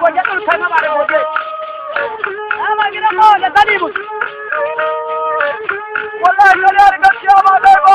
goje ɗum tan amare goje ama gina ko ne tanimo wallahi yoni ar gacci amaɗoy ko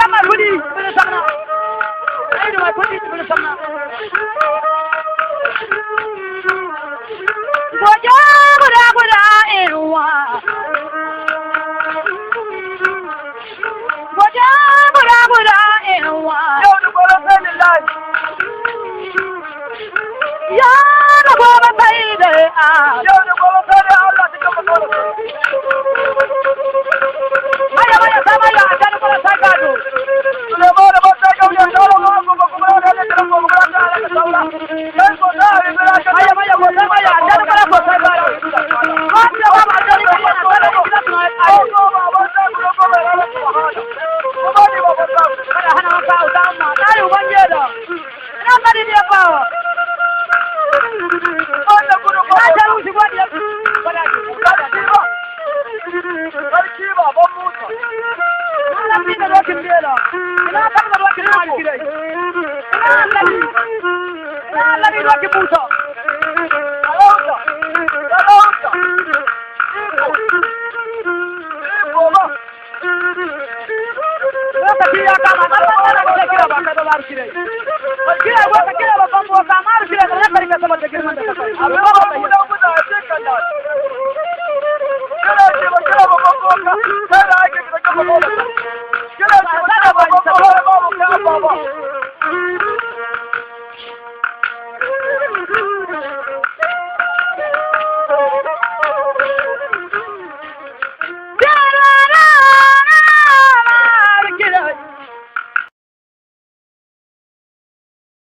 ನಮ್ಮ guda guda eruwa. Goja guda guda eruwa. Yau ni goro Ya na sai da a. Yau ni Malkirej. Nalani ¡La